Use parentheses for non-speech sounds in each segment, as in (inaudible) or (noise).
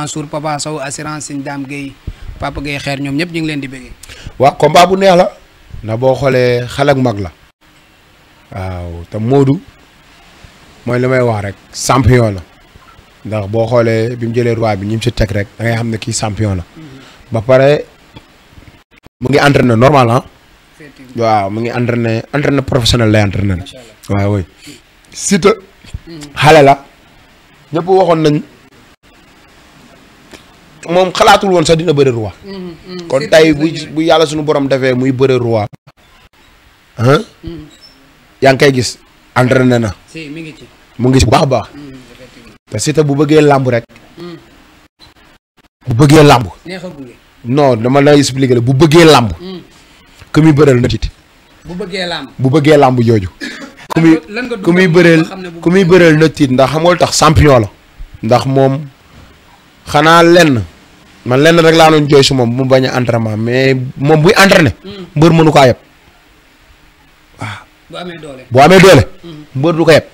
Mansour Papa Sow assurance Sëñ Dame Guèye Papa Guèye xeer ñoom ñëpp ñu ngi leen di bëggee. waaw combat bu neex la. na boo xoolee xale mag la. waaw te Modou mooy li may wax rek champion la ndax boo xoolee bi mu jëlee roi bi ñi mu si teg rek da ngay xam ne kii champion la mm-hmm. ba pare mu ngi entraîné normal ah. mu ngi entraîné entraîné professionnel lay entraîné. waaw oui. Siteu mm-hmm. xale la ñëpp waxoon nañ moom xalaatul woon sax dina bëre roi. Mm-hmm, mm-hmm. kon tey bu bu yàlla suñu borom defee muy bëre roi. Mm-hmm. yaa ngi koy gis ne na. mi ngi mu ngi si bu baax a baax. te bu bëggee làmb rek. bu bëggee làmb. non dama lay expliquer la bu bëggee làmb. Mm. ku muy bu bëggee làmb bu bëggee làmb jooju. ku muy ku muy bëreel ku muy bëreel na tiit ndax xam tax champion la. ndax moom xanaa lenn man lenn rek laa doon jooy su moom mu bañ a entraînement mais moom buy entraîné. Mm. mbër mënu ko yeb bu amee doole bu amee doole. Mm-hmm. mbër du ko yeb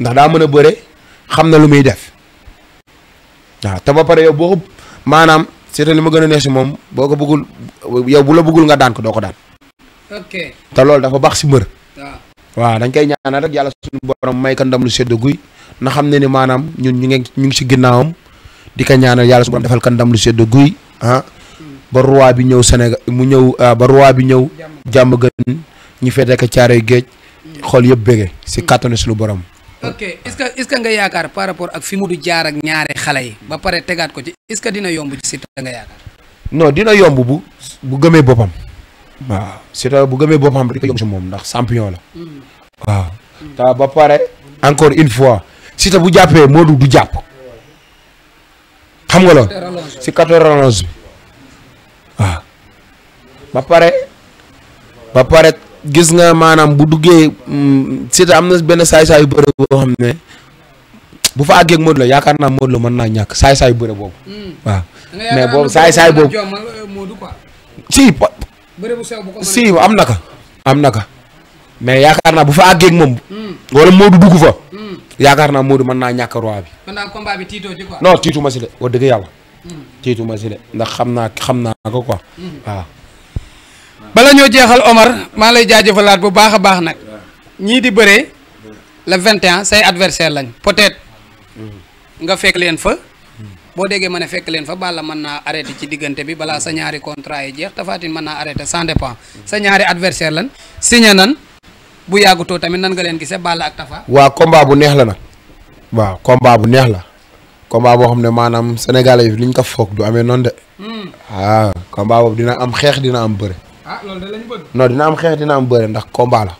ndax daa mën a bëre xam na lu muy def waaw te ba pare yow boo ko maanaam cest li ma gën a neex si moom boo ko bëggul yow bu la buggul nga daan ko doo ko daan. te loolu dafa baax si mbër. waa dañ koy ñaanal rek yàlla suñu borom may ko ndam lu sedd guy na xam ne ni maanaam ñun ñu ngi ñu ngi si ginnaawam. di ko ñaanal yàlla su ko defal kan ndam lu sedd guy ah hmm. ba roi bi ñëw Sénégal mu ñëw ah, ba roi bi ñëw jàmm gën ñi fete ko caaroy géej hmm. xool yëpp bége si hmm. kàttanu suñu borom. ok est-ce que est nga yaakaar par rapport ak fi mu du jaar ak ñaari xale yi ba pare tegaat ko ci est que dina yomb ci Siteu nga yaakaar. non dina yomb bu bu gëmee boppam. waaw Siteu bu gëmee boppam rek yomb si moom ndax sampion la. waaw. te ba pare encore une fois Siteu bu jàppee Modou du jàpp. xam nga loolu si 14 bi waaw ah. ba pare ba pare gis nga maanaam bu duggee mm, Siteu am na benn saay-saayu bëre boo xam ne bu fa àggee ak Modou Lo yaakaar naa Modou Lo mën naa ñàkk saay-saayu bëre boobu hmm. waaw mais boobu saay-saay boobu euh, si si am na ka am na ka mais yaakaar naa bu fa àggee moom hmm. wala Modou dugg fa hmm. yaakaar naa Modou mën naa ñàkk roi bi. kon daal combat bi tiitoo ci quoi. non tiitu ma si de wax dëgg yàlla. Hmm. tiitu ma si de ndax xam naa xam naa ko quoi. Hmm. bala ñoo jeexal Omar maa lay jaajëfalaat bu baax a baax nag ñii di bëree le 21 say adversaire lañ peut hmm. nga fekk leen fa. boo déggee ma ne fekk leen fa Balla mën naa arrêté ci diggante bi balaa sa ñaari contrat yi jeex Tapha Tine mën naa arrêté sans dépend sa ñaari adversaire lan signé nan bu yàggutoo tamit nan nga leen gisee Balla ak Tafa. waa combat bu neex la nag. waaw combat bu neex la. combat boo xam ne maanaam sénégalais yi liñ ko foog du amee noonu de. waaw hmm. ah, boobu dina am xeex dina am bëre. Ah, dina am xeex dina am ndax combat la.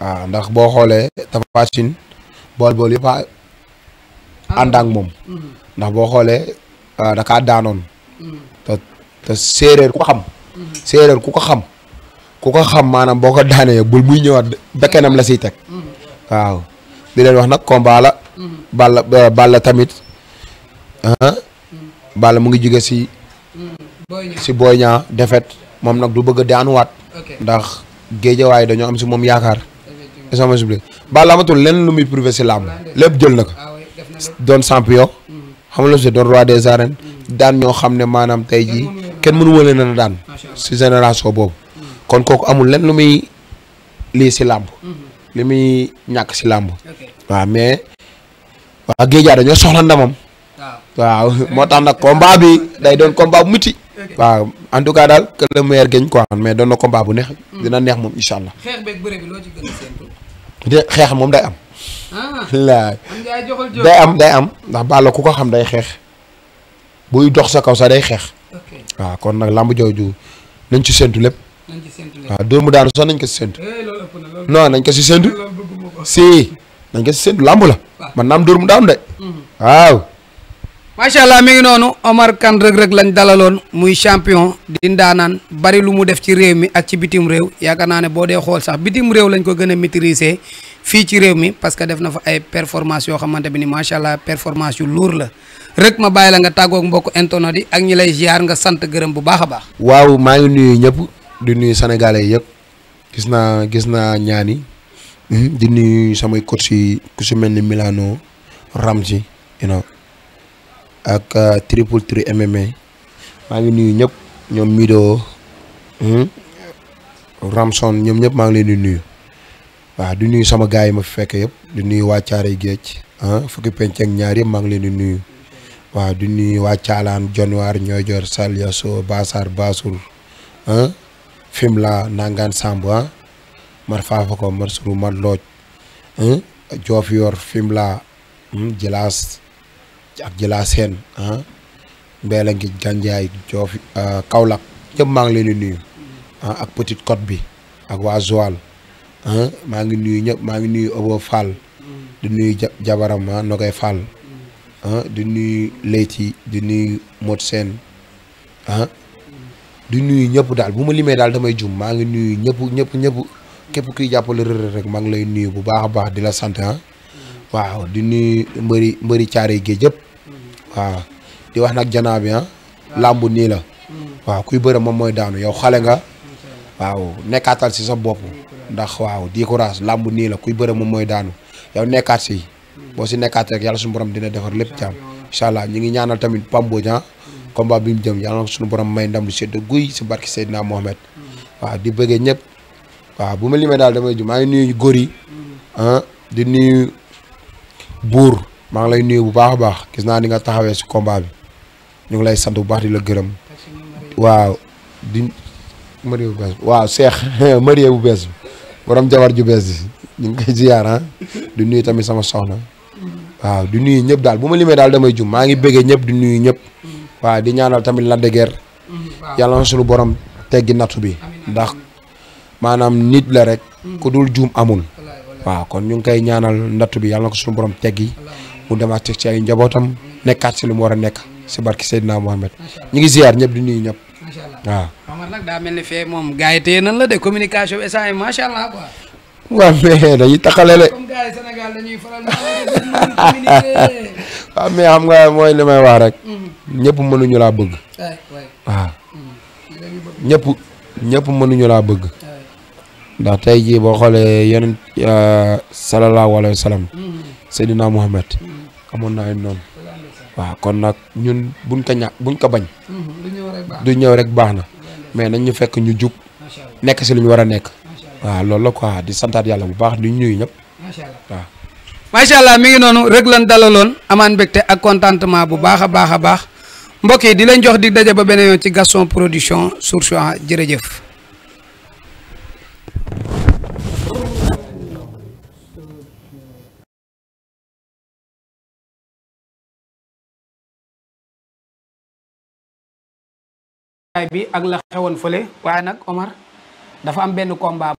waaw ah, ndax boo xoolee Tapha Tine bool bool yëpp a ànd moom. Hmm. ndax boo xoolee da daanoon. Hmm. te séeréer ku ko xam. séeréer ku ko xam. ku ko xam maanaam boo ko daanee bul muy ñëwaat nam la siy teg waaw di leen wax nag combat baala Balla eh, Balla tamit ah, baala mu ngi jóge si si Boy Niang défaite moom nag du bëgg a daanuwaat ndax waaye dañoo am si moom yaakaar sama subli Balla amatul lu muy prouvé si làmb lépp jël na ko ah doon champion mm-hmm. xam la si doon roi des arènes mm-hmm. daan ñoo xam ne maanaam tey jii kenn mënu ma leen a daan si génération boobu kon kooku amul lenn lu muy lii si làmb mhm. li muy ñàkk si làmb waaw mais waa géejaa dañoo soxla ndamam waa moo tax nag combat bi day doon combat bu muti waaw en tout cas daal que le meilleur gagne mais doon na combat bu neex mhm. dina neex moom incha allah xeex xeex moom day am ah. (laughs) day am day am ndax Balla ku ko xam day xeex buy dox sa kaw sax day xeex waaw kon nag làmb jooju nañ ci séntu lépp waaw ah, doomu daanu sax nañ ko si séntu eh, non nañ ko si séntu si nañ ko si la ah. man naam dóor mu daanu de mhm. waaw macha allah mi noonu Omar Kane Reug Reug lañ dalaloon muy champion di ndaanaan bari lu mu def ci réew mi ak ci bitim réew yaakaar naa ne boo dee xool sax bitim réew lañ ko gën a maîtriser fii ci réew mi parce que def na fa ay performance yoo xamante bi ni macha allah performance yu lourd la rek ma bàyyi la nga tàggoog mbokk internet yi ak ñi lay ziar nga sant gërëm bu baax a baax. di nuyu sénégalais yëpp gis naa gis naa ñaani mhm, di nuyu samay coach yi ku si mel ni Milano Ramji you know ak euh, triple tri MMA maa ngi nuyu ñëpp ñoom Mido mhm, Ramson ñoom ñëpp maa ngi leen di nuyu waaw du nuyu sama gars yi ma fi fekk yëpp du nuyu waa Caaray Géej ah, fukki penc ak ñaar yëpp maa ngi leen di nuyu waaw di nuyu waa Caalaan Jonwaar Ñoojoor Sal Yaso Basar Basur ah, Fimela Nangan Samba ah. mar faafa ko mar suru mar looj Diofior Fimela hmm, Djilass ak Djilass Sène ah Mbeelangij Gandiaye Diofi ah, Kaolack yëpp maa ngi leen di nuyu ah, ak Petite Côte bi ak waa maa ngi nuyu ñëpp maa ngi nuyu Obo Fall di nuyu jabaram Nogay Fall di nuyu Leyti di nuyu Modou Sène di nuyu ñëpp daal bu ma limee daal damay jum maa ngi nuyu ñëpp ñëpp ñëpp képp kuy jàppale Reug rek maa lay nuyu bu baax a baax di la sant ah. waaw di nuyu mbëri mbëri caare géej yëpp. waaw di wax nag janaa bi ah. làmb nii la. Mm. waaw kuy bëre moom mooy daanu yow xale nga. waaw nekkaatal si sa bopp. ndax waaw di courage làmb nii la kuy bëre moom mooy daanu yow nekkaat si. Mm. boo si nekkaat rek yàlla suñu borom dina defar lépp jàmm. incha allah ñu ngi ñaanal tamit Pambo Dia. Ah. combat bi mu jëm yaa na ko suñu borom may ndam lu sedd guy si barki Seydina Mohamed. waaw di bëggee ñëpp. waaw bu ma limee daal damay ju maa ngi nuyu góor ah, di nuyu buur maa ngi lay nuyu bu baax a baax gis naa ni nga taxawee si combat ñu ngi lay sant bu baax di la gërëm. waaw di marié bu bees waaw seex (laughs) marié bu bees bi borom jabar ju bees bi ñu ngi koy ziyaar ah. di nuyu tamit sama soxna. waaw di nuyu ñëpp daal bu ma limee daal damay jum maa ngi bëggee ñëpp di nuyu ñëpp. waaw di ñaanal tamit la deger Guiers yàlla na suñu borom teggi nattu bi ndax maanaam nit la rek hmm. ku dul juum amul waaw kon ñu ngi koy ñaanal nattu bi yàlla na ko suñu borom teggi mu demaat ci ay njabootam nekkaat si lu mu war a nekk si barki Seydina Mohamed ñu ngi ziar ñëpp di nuyu ñëpp waaw. daa mel ni moom gars yi téye nan la de communication et macha allah waaw mais dañuy taxale de. comme gars xam nga mooy li may wax rek. Mm-hmm. ñëpp mënuñu laa bëgg. waaw. Mm-hmm. ñëpp mënuñu laa bëgg. ndax tey jii boo xoolee yeneen euh, salallaahu alayhi wa salaam. Mm-hmm. Seydina Mohamed. amoon na ay kon nag ñun buñ ko buñ ko bañ. du ñëw rek baax na mais nañ ñu fekk ñu jug. nekk si lu ñu war a nekk. waaw loolu la quoi di santaat yàlla bu baax di ñuy ñëpp. macha allah waaw. mi ngi noonu rek lan dalaloon amaan mbégte ak contentement bu baax a baax a baax mbokk yi di leen jox di daje ba beneen yoon ci Gaston Production Source A jërëjëf. bi ak waaye nag am benn combat